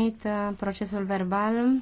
transmit uh, procesul verbal